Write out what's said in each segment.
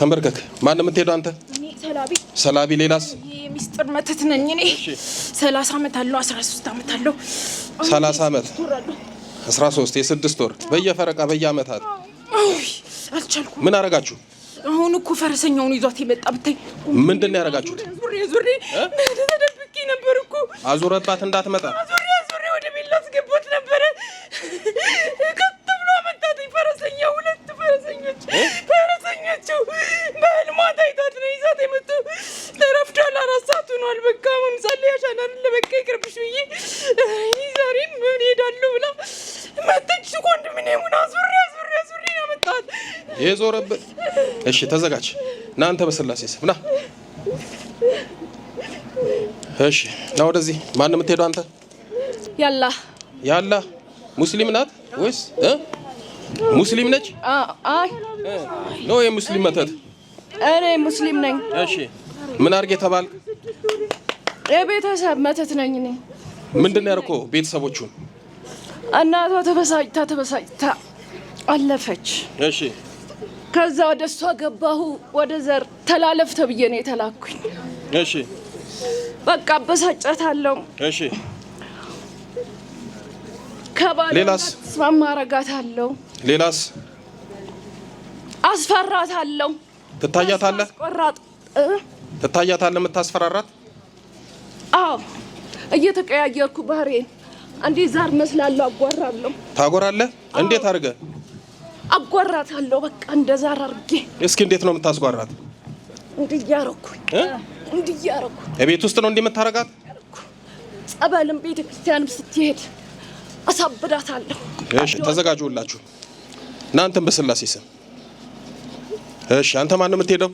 ተንበርከክ። ማን የምትሄደው አንተ? ሰላቢ። ሌላስ? ሚስጥር መተት ነኝ እኔ። ሰላሳ ዓመት አለው፣ አስራ ሶስት ዓመት አለው። ሰላሳ ዓመት አስራ ሶስት የስድስት ወር በየፈረቃ በየአመታት አልቻልኩም። ምን አረጋችሁ? አሁን እኮ ፈረሰኛውን ይዟት የመጣ ብታይ። ምንድን ነው ያረጋችሁት? ዙሬ ዙሬ ተደብቄ ነበር እኮ። አዙረባት እንዳትመጣ የዞረብህ። እሺ ተዘጋጅ ና አንተ በስላሴ ስም ና። እሺ ና ወደዚህ። ማን የምትሄደው አንተ? ያላ ያላ ሙስሊም ናት ወይስ እ ሙስሊም ነች? አይ ነው የሙስሊም መተት። እኔ ሙስሊም ነኝ። እሺ ምን አድርጌ ተባልክ? የቤተሰብ መተት ነኝ እኔ። ምንድን ነው ያልኩህ? ቤተሰቦቹን እናቷ ተበሳጭታ ተበሳጭታ አለፈች። እሺ ከዛ ወደ እሷ ገባሁ። ወደ ዘር ተላለፍ ተብዬ ነው የተላኩኝ። እሺ በቃ አበሳጫታለሁ። እሺ ከባድ ሌላስ ማማረጋታለሁ። ሌላስ አስፈራታለሁ። ትታያታለህ? ቆራጥ ትታያታለህ? የምታስፈራራት? አዎ እየተቀያየርኩ ባህሬን አንዴ ዛር መስላለሁ። አጓራለሁ። ታጎራለህ? እንዴት አድርገህ አጓራታለሁ። በቃ እንደዛ አርጌ እስኪ እንዴት ነው የምታስጓራት? እንድያረኩ እንድያረኩ ቤት ውስጥ ነው እንደምታረጋት። ጸበልም ቤተ ክርስቲያንም ስትሄድ አሳብዳታለሁ። እሺ ተዘጋጁላችሁ እናንተም በስላሴ ስም። እሺ አንተ ማን ነው የምትሄደው?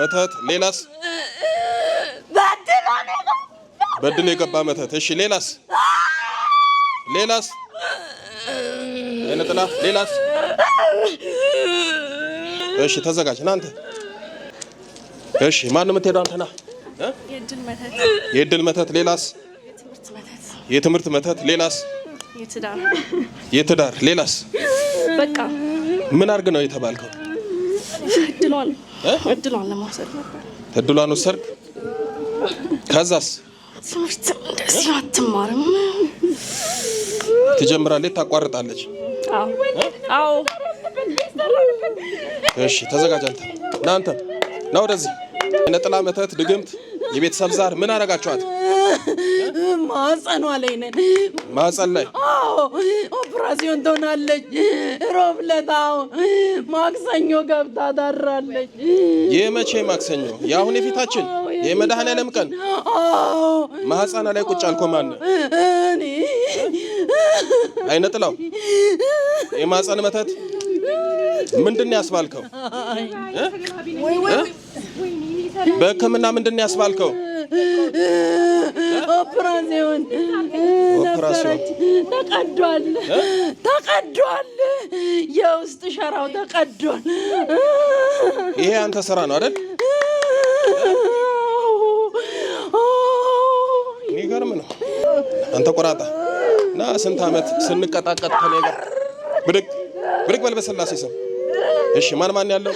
መተት ሌላስ? በድል የገባ መተት። እሺ ሌላስ ሌላስ አይነ ጥላ ሌላስ? እሺ ተዘጋጅ ና እሺ ማን የምትሄደው? አንተ ና። መተት ሌላስ? የትምህርት መተት ሌላስ? የትዳር ሌላስ? በቃ ምን አድርግ ነው የተባልከው? እድሏን እድሏን ነበር። እድሏን ወሰድክ። ከዛስ? ትምህርት እንደዚህ አትማርም፣ ትጀምራለች፣ ታቋርጣለች። አዎ። እሺ ተዘጋጅ። አንተ ና፣ እናንተ ና አንተ ወደዚህ ነጠላ መተት፣ ድግምት፣ የቤተሰብ ዛር ምን አደርጋችኋት? ማህፀኗ ላይ ነን። ማህፀን ላይ ኦፕራሲዮን ትሆናለች። ሮብ ዕለት ማክሰኞ ገብታ ታድራለች። ይህ መቼ ማክሰኞ? የአሁን የፊታችን የመድኃኔዓለም ቀን ማህፀኗ ላይ ቁጭ አልኮ ማን አይነ ጥላው የማጸን መተት ምንድን ያስባልከው? በሕክምና ምንድን ያስባልከው? ኦፕራሲዮን ነበረች። ተቀዷል፣ ተቀዷል። የውስጥ ሸራው ተቀዷል። ይሄ አንተ ስራ ነው አይደል? የሚገርም ነው አንተ ቆራጣ እና ስንት ዓመት ስንቀጣቀጥ ከኔ ጋር ብድግ ብድግ በል በስላሴ ስም። እሺ ማን ማን ያለው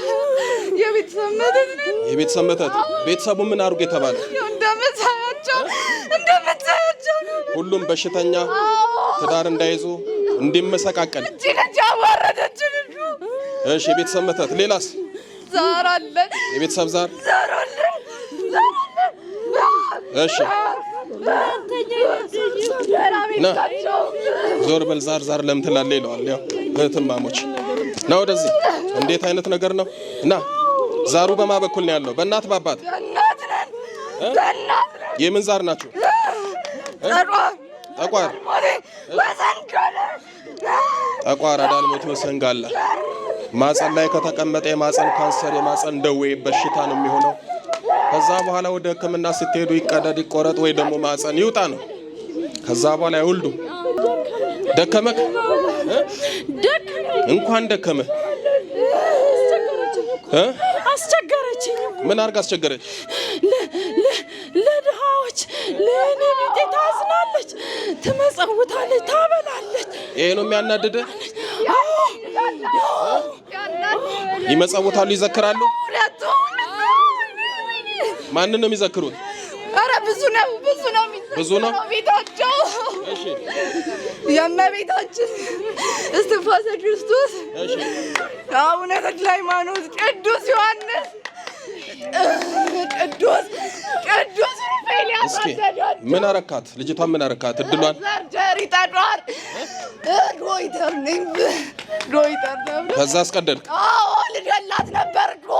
የቤተሰብ መተት የቤተሰብ መተት ቤተሰቡ ምን አድርጎ የተባለ እንደምታያቸው እንደምታያቸው ሁሉም በሽተኛ ትዳር እንዳይዙ እንዲመሰቃቀል እቺ አዋረደች። እሺ የቤተሰብ መተት ሌላስ ዛር አለ የቤተሰብ ዛር ዛር አለ። እሺ ና ዞር በል ዛር ዛር ለምን ትላለህ? ይለዋል። ያው እህትማሞች ና ወደዚህ። እንዴት አይነት ነገር ነው? እና ዛሩ በማ በኩል ነው ያለው? በእናት በአባት የምን ዛር ናችሁ? ጠቋር ጠቋር አዳልሞት ወሰንጋላ ማፀን ላይ ከተቀመጠ የማፀን ካንሰር የማፀን ደዌ በሽታ ነው የሚሆነው። ከዛ በኋላ ወደ ሕክምና ስትሄዱ ይቀደድ ይቆረጥ ወይ ደግሞ ማፀን ይውጣ ነው ከዛ በኋላ አይወልዱም። ደከመክ እንኳን ደከመ አስቸገረችኝ። ምን አድርግ አስቸገረች? ለድሃዎች ለእኔ ቢጤ ታዝናለች፣ ትመጸውታለች፣ ታበላለች። ይሄ ነው የሚያናድደ። ይመጸውታሉ፣ ይዘክራሉ። ማንን ነው የሚዘክሩት? ብዙ ነው ብዙ ነው ብዙ ነው ቤታቸው የእመቤታችን እስትንፋሰ ክርስቶስ አቡነ ተክለ ሃይማኖት ቅዱስ ዮሐንስ ቅዱስ ቅዱስ ምን አረካት ልጅቷ? ምን አረካት? እድሏን ሰርጀሪ ጠዷር ዶይተር ነኝ ዶይተር ተብሎ ከዛ አስቀደልክ። አዎ ልደላት ነበር እኮ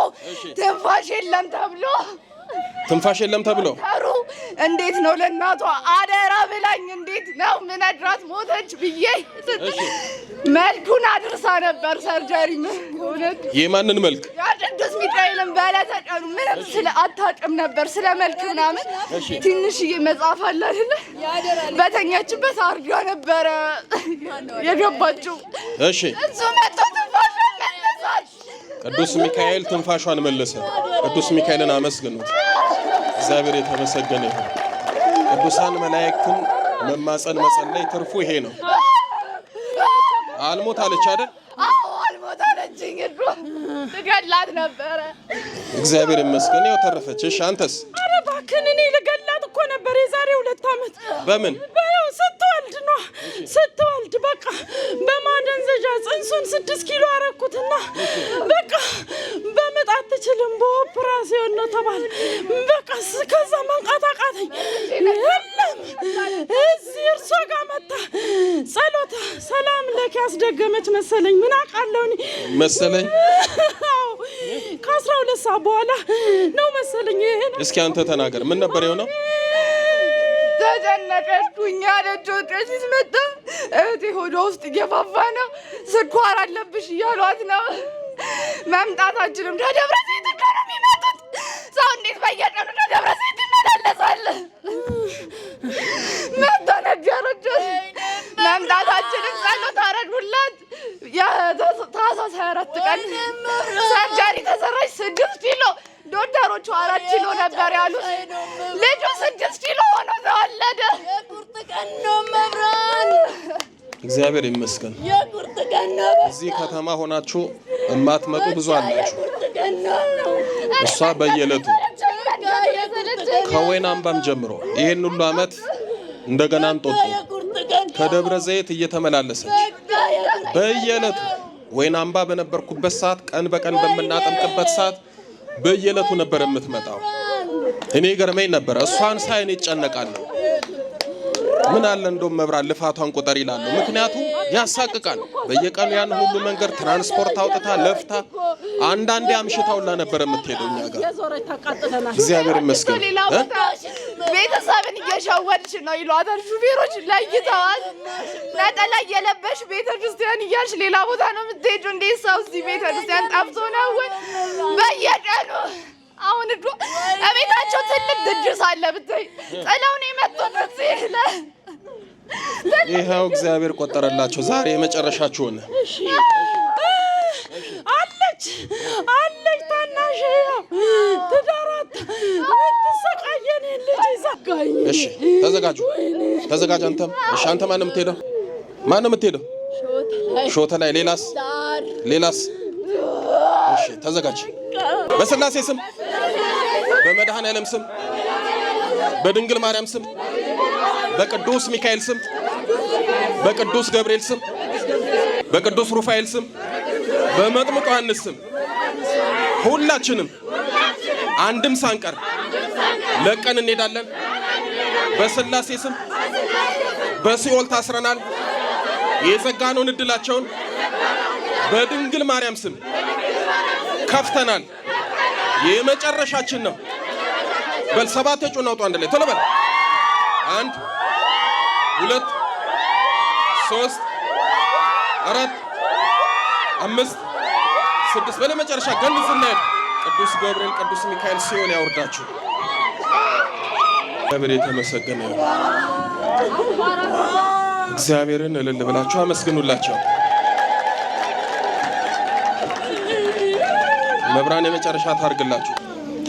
ትንፋሽ የለም ተብሎ ትንፋሽ የለም ተብሎ እንዴት ነው ለእናቷ አደራ ብላኝ እንዴት ነው ምነድራት ሞተች ብዬ መልኩን አድርሳ ነበር። ሰርጀሪ የማንን መልክ? ቅዱስ ሚካኤልን በለተቀኑ ምንም ስለ አታውቅም ነበር ስለ መልክ ምናምን። ትንሽዬ መጽሐፍ አለ አይደለ? በተኛችበት አርጋ ነበረ የገባችው። እሱ መጥቶ ትንፋሽ ቅዱስ ሚካኤል ትንፋሿን መለሰ። ቅዱስ ሚካኤልን አመስግኑት። እግዚአብሔር የተመሰገነ ይሁን። ቅዱሳን መላእክትን መማፀን መጸለይ ትርፉ ይሄ ነው። አልሞት አለች አይደል? ልገላት ነበረ። እግዚአብሔር ይመስገን ያው ተረፈች። እሺ አንተስ? ኧረ እባክህን እኔ ልገላት እኮ ነበር የዛሬ ሁለት ዓመት። በምን ስትወልድ ነው ስትወልድ በቃ በማደንዘዣ ጽንሱን ስድስት ኪሎ አረኩትና በቃ በምጥ አትችልም በኦፕራሲዮን ነው ተባለ። በቃ ከዛ መንቃት አቃተኝ። የለም እዚህ እርሶ ጋር መታ ጸሎታ ሰላም ለኪ ያስደገመች መሰለኝ ምን አውቃለሁ እኔ መሰለኝ ከአስራ ሁለት ሰዓት በኋላ ነው መሰለኝ። ይሄ እስኪ አንተ ተናገር ምን ነበር የሆነው? ተጨነቀች። ዱኛ ደጅ ወጥቼ እህቴ ሆዷ ውስጥ እየፋፋ ነው፣ ስኳር አለብሽ እያሏት ነው። መምጣታችንም ከደብረ ዘይት እኮ ነው የሚመጡት። ሰው እንዴት በየቀኑ ከደብረ ዘይት ይመላለሳል? መምጣታችንም ጸሎት ታህሳስ ቀን ሰርጀሪ ተሰራች። ስድስት ኪሎ ዶክተሮቹ አራት ኪሎ ነበር ያሉት። ልጁ ስድስት ኪሎ ወለደ። የቁርጥ ቀን ነው መብራን። እግዚአብሔር ይመስገን። የቁርጥ ቀን ነው። እዚህ ከተማ ሆናችሁ እማትመጡ ብዙ አላችሁ። እሷ በየዕለቱ ከወይን አምባም ጀምሮ ይህን ሁሉ ዓመት እንደገና እንጦጦ ከደብረ ዘይት እየተመላለሰች በየዕለቱ ወይን አምባ በነበርኩበት ሰዓት ቀን በቀን በምናጠምቅበት ሰዓት በየዕለቱ ነበር የምትመጣው። እኔ ገርመኝ ነበር እሷን ሳይ እኔ ምን አለ እንደውም መብራት ልፋቷን ቁጠር ይላሉ። ምክንያቱም ያሳቅቃል። በየቀኑ ያን ሁሉ መንገድ ትራንስፖርት አውጥታ ለፍታ አንዳንዴ አምሽታ ሁላ ነበር የምትሄደው እኛ ጋር። እግዚአብሔር ይመስገን ቤተሰብን እየሸወድሽ ነው ይሏታል ሹፌሮች ለይተዋል። ነጠላ እየለበሽ ቤተክርስቲያን እያልሽ ሌላ ቦታ ነው የምትሄጁ። እንዴት ሰው እዚህ ቤተክርስቲያን ጠፍቶ ነው በየቀኑ አሁን እቤታቸው ትልቅ ድግስ አለ ብታይ ጥለውን የመጡት እዚህ ይኸው እግዚአብሔር ቆጠረላቸው። ዛሬ የመጨረሻችሁ ሆነ። አለች አለች ታናሽ ትዳራት ምትሰቃየን ልጅ ይዘጋኝ። እሺ ተዘጋጁ፣ ተዘጋጅ። አንተም እሺ። አንተ ማን ነው የምትሄደው? ማን ነው የምትሄደው? ሾተ ላይ ሌላስ? ሌላስ? እሺ ተዘጋጅ። በስላሴ ስም፣ በመድኃኔዓለም ስም፣ በድንግል ማርያም ስም በቅዱስ ሚካኤል ስም፣ በቅዱስ ገብርኤል ስም፣ በቅዱስ ሩፋኤል ስም፣ በመጥምቁ ዮሐንስ ስም ሁላችንም አንድም ሳንቀር ለቀን እንሄዳለን። በስላሴ ስም በሲኦል ታስረናል። የዘጋነውን እድላቸውን በድንግል ማርያም ስም ከፍተናል። የመጨረሻችን ነው። በል ሰባት አንድ ላይ ቶሎ በል አንድ ሁለት፣ ሶስት፣ አራት፣ አምስት፣ ስድስት በለመጨረሻ ገንዝ እናየት ቅዱስ ገብርኤል ቅዱስ ሚካኤል ሲሆን ያወርዳችሁ። እግዚአብሔር የተመሰገነ እግዚአብሔርን እልል ብላችሁ አመስግኑላቸው። መብራን የመጨረሻ ታርግላችሁ።